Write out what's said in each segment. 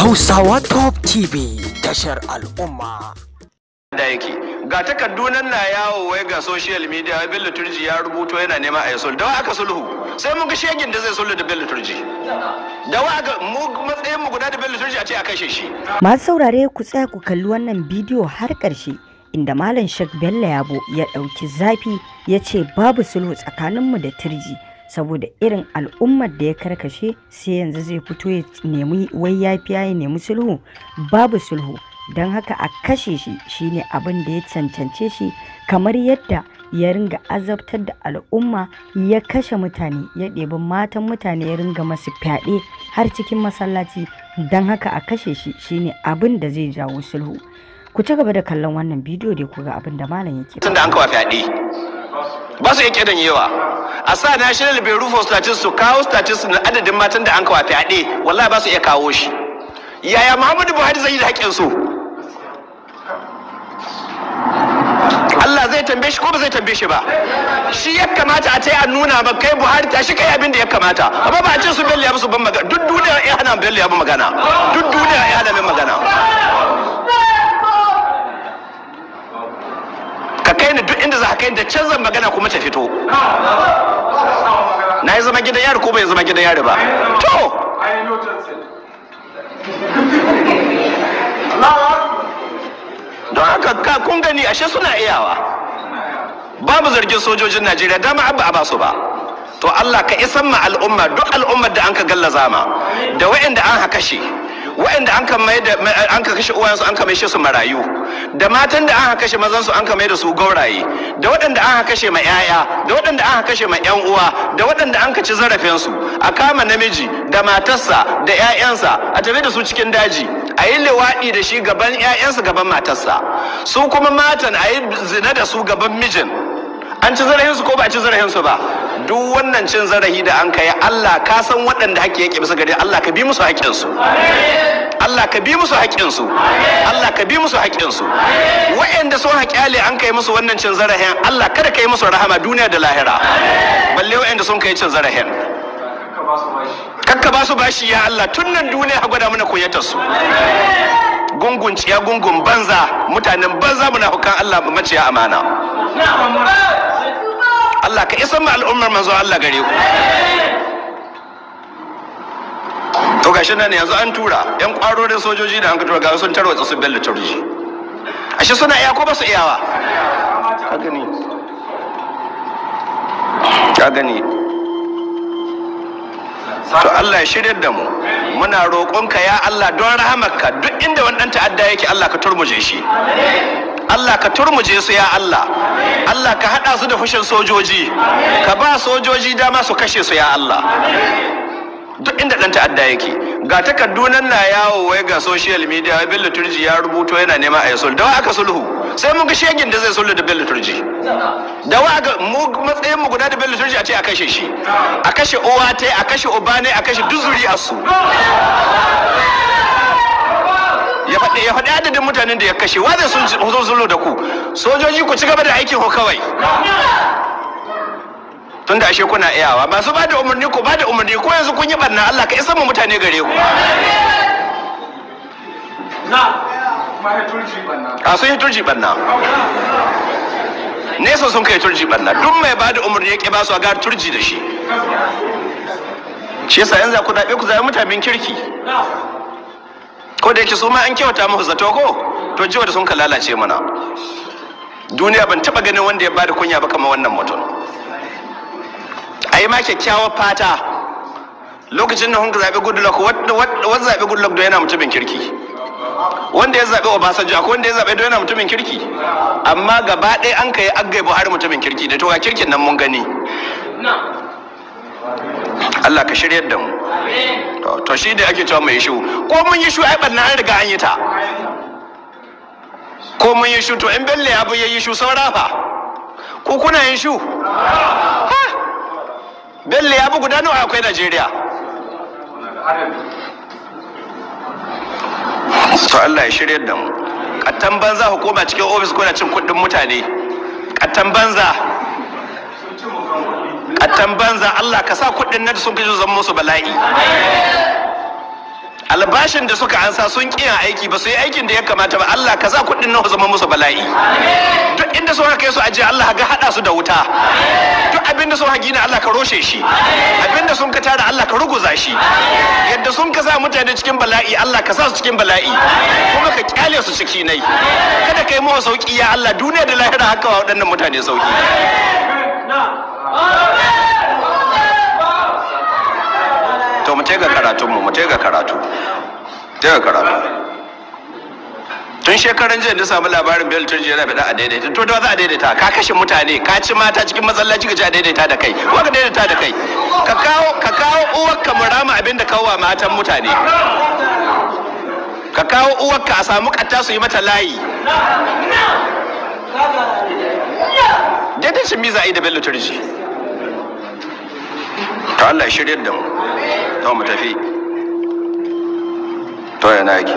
Hausawa Top TV tashar al'umma. Da yake ga na yawo wai ga social media wai Bello Turji ya rubuto yana nema a yasul dawa aka sulhu sai mun ga shegin da zai sulhu da Bello Turji. Dawa aka mu matsayin mu guda da Bello Turji a ce a kashe shi. Masu saurare ku tsaya ku kalli wannan bidiyo har ƙarshe inda Malam Sheikh Bello Yabo ya ɗauki zafi ya ce babu sulhu tsakaninmu da Turji. saboda irin al'ummar da ya karkashe sai yanzu zai fito ya nemi wai yafiya ya nemi sulhu babu sulhu don haka a kashe shi shine abin da ya cancance shi kamar yadda ya ringa azabtar da al'umma ya kashe mutane ya ɗebi matan mutane ya ringa masu fyaɗe har cikin masallaci don haka a kashe shi shine abin da zai jawo sulhu ku ci gaba da kallon wannan bidiyo da ku ga abin da malam yake tunda an kawo fyaɗe ba su iya yawa a sa national bureau for statistics su kawo statistics na adadin matan da an kawo fyaɗe wallahi ba su iya kawo shi yaya muhammadu buhari zai yi da haƙƙin su Allah zai tambaye shi ko ba zai tambaye shi ba shi ya kamata a tai a nuna ba kai Buhari ta shi kai abin da ya kamata amma ba a ce su Bello ya musu ban magana duk duniya ya hana Bello ya magana duk duniya ya hana magana ne duk inda za ka da canzan magana kuma ta fito na yi zama gidan yari ko bai zama gidan yari ba to don haka ka kun gani ashe suna iyawa babu zargin sojojin najeriya dama abu a basu ba to allah ka isan ma al'umma duk al'ummar da an ka gallaza ma da da an haka shi wa'anda an ka mai da an kashe uwayensu an ka mai su marayu da matan da an kashe mazan su an ka mai da su gauraye da waɗanda an kashe ma yaya da waɗanda an kashe ma yan uwa da waɗanda an ci zarafin su a kama namiji da matarsa da 'ya'yansa a tafi da su cikin daji a yi lewadi da shi gaban ƴaƴansa gaban matarsa su kuma matan a yi zina da su gaban mijin an ci su ko ba a ci zarafinsu ba duk wannan cin zarafi da an kai Allah ka san waɗanda haƙƙi yake bisa gare Allah ka bi musu su Allah ka bi musu su Allah ka bi musu su waɗanda sun haƙƙi an kai musu wannan cin zarafin Allah kada ka yi musu rahama duniya da lahira balle waɗanda sun kai cin zarafin kakka ba su bashi ya Allah tun nan duniya ha gwada mana koyatar su gungun ciya gungun banza mutanen banza muna hukan Allah ya amana Allah ka isan ma al'ummar manzo Allah gare ku to gashi nan yanzu an tura yan kwarorin sojoji da an tura ga sun tarwatsa su bella turji ashe suna iya ko ba su iyawa ka gani ka gani to Allah ya shirya da mu muna roƙonka ya Allah don rahamarka duk inda wani ɗan ta'adda yake Allah ka turmuje shi Allah ka turmuje su ya Allah Allah ka haɗa su da fushin sojoji ka ba sojoji dama su kashe su ya Allah duk inda ɗan ta'adda yake ga takardu nan na yawo wai ga social media wai bello turji ya rubuto yana nema a yi sulhu dawa aka sulhu sai mun ga shegin da zai sulhu da bello turji dawa aka matsayin mu guda da bello turji a ce a kashe shi a kashe uwa tai a kashe uba ne a kashe duzuri a su ya faɗi ya faɗi adadin mutanen da ya kashe wa zai sun zullo da ku sojoji ku ci gaba da aikin ku kawai tun da ashe kuna iyawa masu ba da umarni ku ba da umarni ko yanzu kun yi barna Allah ka isa mu mutane gare ku Na sun yi turji barna nesa sun kai turji barna duk mai ba da umarni ya ke ba su a gari turji da shi shi yasa yanzu ku zaɓe ku zaɓe mutanen kirki ko da yake su ma an kyauta musu zato ko to jiwa da sun ka lalace mana duniya ban taba ganin wanda ya bada kunya ba kamar wannan mutum Ayi ma kyakkyawar fata lokacin da hunka zaɓi goodluck wanda zaɓi goodluck don yana mutumin kirki wanda ya zaɓi obasanjo akwai wanda ya zabe don yana mutumin kirki amma gaba ɗaya an ka yi aggai buhari mutumin kirki da to ga kirkin nan mun gani Allah ka shiryar da mu to shi da ake cewa mai shu ko mun yi shu ai ban an riga an yi ta ko mun yi shu to in belle bu ya yi shu saura fa ko kuna yin shu belle ya bu guda nawa akwai najeriya to allah ya shirya da mu kattan banza hukuma cikin ofis kuna cin kuɗin mutane kattan banza katan banza Allah ka sa kuɗin nan sun kashe zama musu bala'i albashin da suka ansa sun kiya aiki ba su yi aikin da ya kamata ba Allah ka sa kuɗin nan zama musu bala'i duk inda sun haka su ajiye Allah ga hada su da wuta duk abin da sun haka gina Allah ka roshe shi abin da sun ka tara Allah ka ruguza shi yadda sun ka sa mutane cikin bala'i Allah ka sa su cikin bala'i kuma ka kyale su ciki nai kada ka yi mawa sauki ya Allah duniya da lahira haka wa waɗannan mutane sauki tega karatun mu tega karatu tega karatu tun shekaran jiya da samu labarin bel turji yana faɗa a daidaita to da za a daidaita ka kashe mutane ka ci mata cikin masallaci ka ci a daidaita da kai ko ka daidaita da kai ka kawo ka kawo uwar ka murama abinda kawwa matan mutane ka kawo uwar ka a samu katta su yi mata layi daidai shi mi za a yi da bel turji ta Allah shiryar da mu to mu tafi to yana yake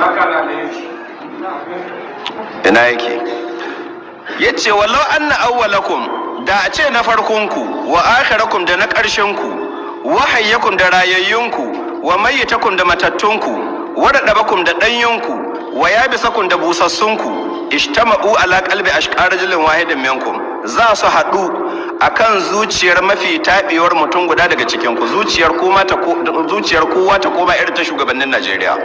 ina yake yace wa anna awwalakum da a ce na farkonku wa akhirakum da na ƙarshenku wa da rayayyunku wa mayyitakum da matattunku wa radabakum da ɗanyunku wa yabisakum da busassunku ishtama'u ala a ashqar rajulin wahidin minkum za su haɗu a kan zuciyar mafi taɓewar mutum guda daga cikin ku zuciyar kowa ta koma irin ta shugabannin Najeriya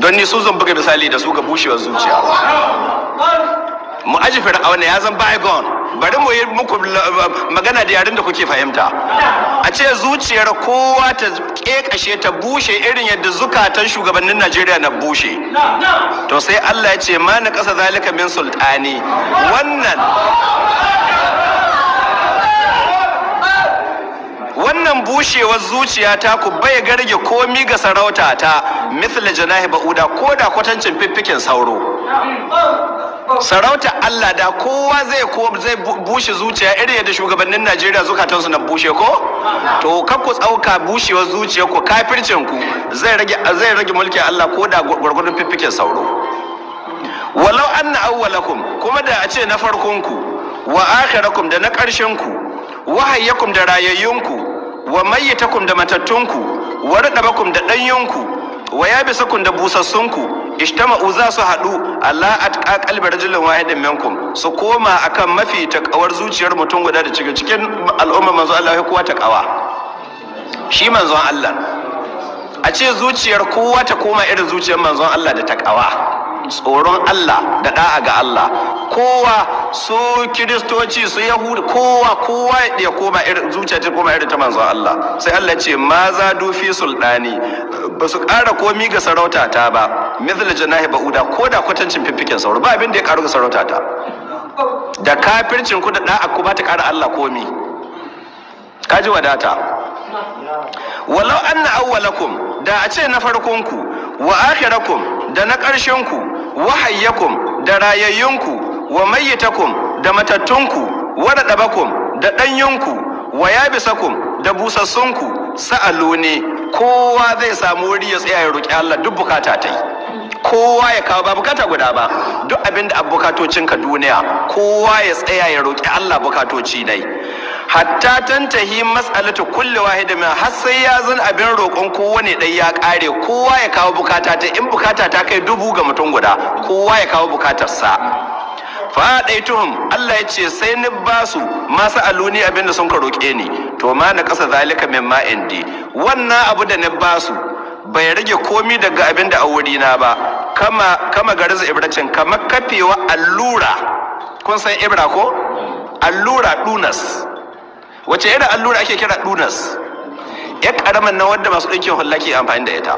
don ni su zan buga misali da su ga bushewar zuciya mu aji fir'auna ya zan bygone bari mu yi muku magana da yarin da kuke fahimta a ce zuciyar kowa ta kekashe ta bushe irin yadda zukatan shugabannin Najeriya na bushe to sai Allah ya ce ma na kasa zalika min sultani wannan wannan bushewar zuciya ta ku bai garge komi ga sarauta ta mithla janahi ba'uda ko da kwatancin fiffikin sauro sarauta Allah da kowa zai ko zai bushe zuciya irin yadda shugabannin Najeriya zukatansu na bushe ko to kar ku tsauka bushewar zuciya ku kafircin ku zai rage zai rage mulki Allah ko da gurgurdun fiffike sauro walau anna awwalakum kuma da a ce na farkon ku wa akhirakum da na karshen ku wa hayyakum da rayayyunku wa mayyitakum da matattun ku wa radabakum da ku wa yabisakum da busassun ku Ishtama uza su haɗu Allah atqa qalbi rajulun wahidin minkum su koma akan mafi takawar zuciyar mutum guda da cikin cikin al'umma manzo Allah ya kowa takawa shi manzo Allah a ce zuciyar kowa ta koma irin zuciyar manzo Allah da takawa tsoron Allah da da'a ga Allah kowa su kiristoci su yahudu kowa kowa ya koma irin zuciya ce koma irin ta manzon Allah sai Allah ce ma za dufi sultani ba su ƙara komi ga sarauta ta ba mithl janahi ba'uda ko da kwatancin fiffiken sauro ba abin da ya ƙaru ga sarauta ta da kafircin ku da da ku ba ta ƙara Allah komi kaji wadata walau anna awwalakum da a ce na farkon ku, wa akhirakum da na ku, wa hayyakum da rayayyunku wa mayyitakum da matattunku wa daɗabakum da ɗanyunku wa yabisakum da busassunku sa'alo ne kowa zai samu wuri ya tsaya ya roki Allah duk bukata ta yi kowa ya kawo ba bukata guda ba duk abin da bukatocin ka duniya kowa ya tsaya ya roki Allah bukatoci dai hatta tantahi mas'alatu kulli wahidin min har sai ya zan abin roƙon ne dai ya kare kowa ya kawo bukata ta in bukata ta kai dubu ga mutum guda kowa ya kawo bukatarsa tuhum Allah ya ce sai ni ba su masu aluni abinda sun ka roƙe ni to ma na ƙasa zalika min ma indi wannan abu da ni ba su bai rage komi daga abinda a wuri na ba kama kama garin ibracin kama kafewa allura kun san ibra ko allura dunas wace irin allura ake kira dunas ya karaman na wanda masu ɗauke hulla ke amfani da ita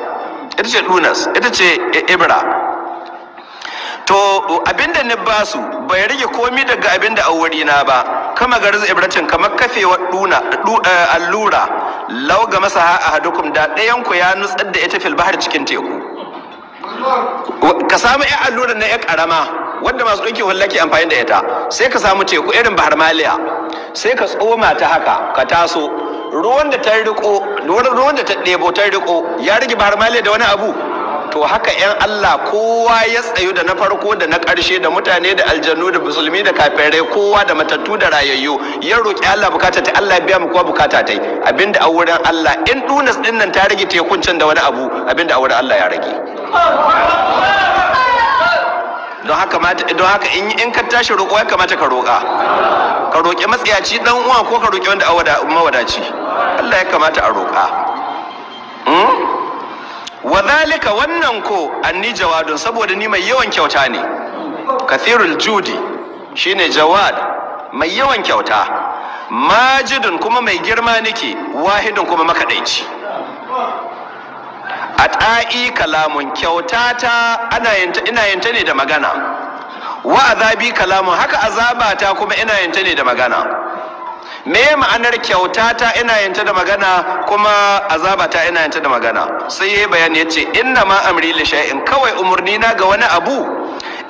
ita ce dunas ita ce ibra to abinda ni ba su bai rage komi daga abinda awwari na ba kama garzu Ibrahim kamar kafewar duna eh, allura Lauga ga masa a hadukum da ɗayan ku ya nutsar da ita fil bahar cikin teku ka samu ya allura na ya karama wanda masu ɗauki walla ke amfani da ita sai ka samu teku irin bahar maliya sai ka tsoma ta haka ka taso ruwan da ta riko ruwan da ta ɗebo ta riko ya rage bahar maliya da wani abu to haka 'yan Allah kowa ya tsayu da na farko da na ƙarshe da mutane da aljanu da musulmi da kafirai kowa da matattu da rayayyu ya roƙi Allah bukata ta Allah biya mu kowa bukata ta yi abinda a wurin Allah in dunas din nan ta rage tekun can da wani abu abinda a wurin Allah ya rage don haka don haka in in ka tashi roƙo ya kamata ka roƙa ka roƙi matsiyaci dan uwa ko ka roƙi wanda a mawadaci Allah ya kamata a roƙa wa zalika wannan ko anni jawadun saboda ni mai yawan kyauta ne kathirul judi shine jawad mai yawan kyauta majidun kuma mai girma nake wahidun kuma makadaici a ta'i kalamun kyautata ana yanta ina yanta ne da magana wa azabi kalamun haka azabata kuma ina yanta ne da magana me ma'anar kyauta ta ina yanta da magana kuma azaba ta ina yanta da magana sai yayi bayani yace inna ma amri li shay'in kawai umurni na ga wani abu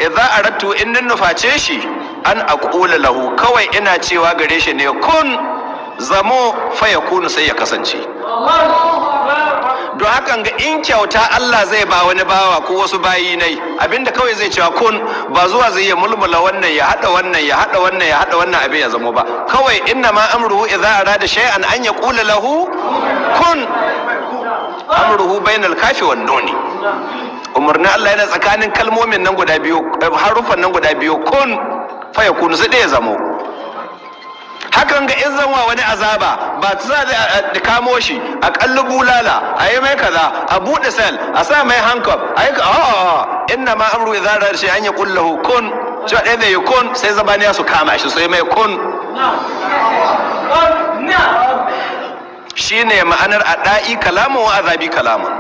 idza aradtu in nuface shi an aqula lahu kawai ina cewa gare shi ne kun zamo fa yakunu sai ya kasance don hakan ga in kyauta Allah zai ba wani bawa ko wasu bayi nai abinda kawai zai cewa kun ba zuwa zai ya mulmula wannan ya hada wannan ya hada wannan ya hada wannan abin ya zama ba kawai inna ma amruhu idza arada shay'an an yaqula lahu kun amruhu bainal kafi wan nuni umarnin Allah yana tsakanin kalmomin nan guda biyu eh, harufan nan guda biyu kun fa yakunu sai ya zamo hakan ga in zanwa wani azaba ba ta za a kamo shi a kalli bulala a yi mai kaza a buɗe sel a sa mai hankam a yi ka inna ma amru idza zara shi an ya kullahu kun cewa ɗaya da kun sai zabaniya su kama shi sai mai kun Shi ne ma'anar a ɗa'i kalamun wa azabi kalamun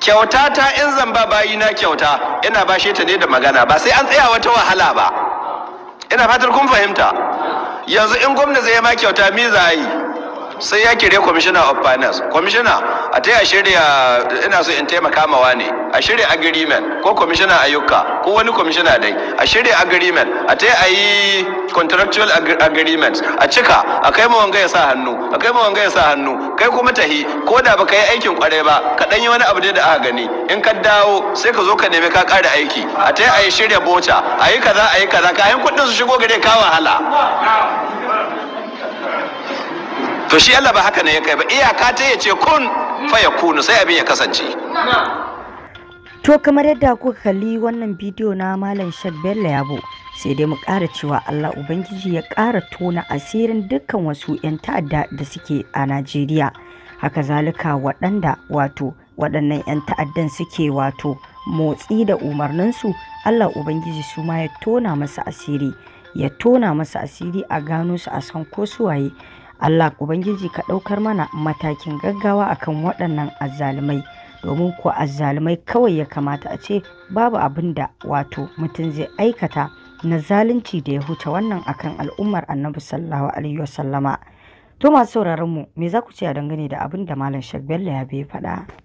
kyauta ta in zan ba bayina kyauta ina shi ta ne da magana ba sai an tsaya wata wahala ba ina fatar kun fahimta yanzu in gwamna zai yi ma kyauta me za a yi sai ya kire commissioner of finance commissioner a ta a shirya ina so in taimaka mawa ne a shirya agreement ko commissioner ayyuka ko wani commissioner dai a shirya agreement a ta a yi contractual agreement a cika a kai ma wanga ya sa hannu a kai ma wanga ya sa hannu kai kuma tahi ko da baka yi aikin kwarai ba ka danyi wani abu da aka gani in ka dawo sai ka zo ka nemi ka ƙara aiki a ta a yi shirya bocha a yi kaza a yi kaza kayan kuɗin su shigo gare ka wahala to shi Allah ba haka ne ya kai ba iyaka ta ya ce kun fa ya kunu sai abin ya kasance to kamar yadda kuka kalli wannan bidiyo na malam Sheikh Bello Yabo sai dai mu ƙara cewa Allah Ubangiji ya ƙara tona asirin dukkan wasu 'yan ta'adda da suke a Najeriya haka zalika waɗanda wato waɗannan 'yan ta'addan suke wato motsi da umarninsu Allah Ubangiji su ma ya tona masa asiri ya tona masa asiri a gano su a san ko suwaye Allah Ubangiji ka ɗaukar mana matakin gaggawa akan waɗannan azzalumai domin ko azzalumai kawai ya kamata a ce babu abin da wato mutum zai aikata na zalunci da ya huce wannan akan al'ummar annabi sallawa alaihi wasallama to masu sauraron mu me za ku ce a dangane da abin da malam Shagbella ya bai faɗa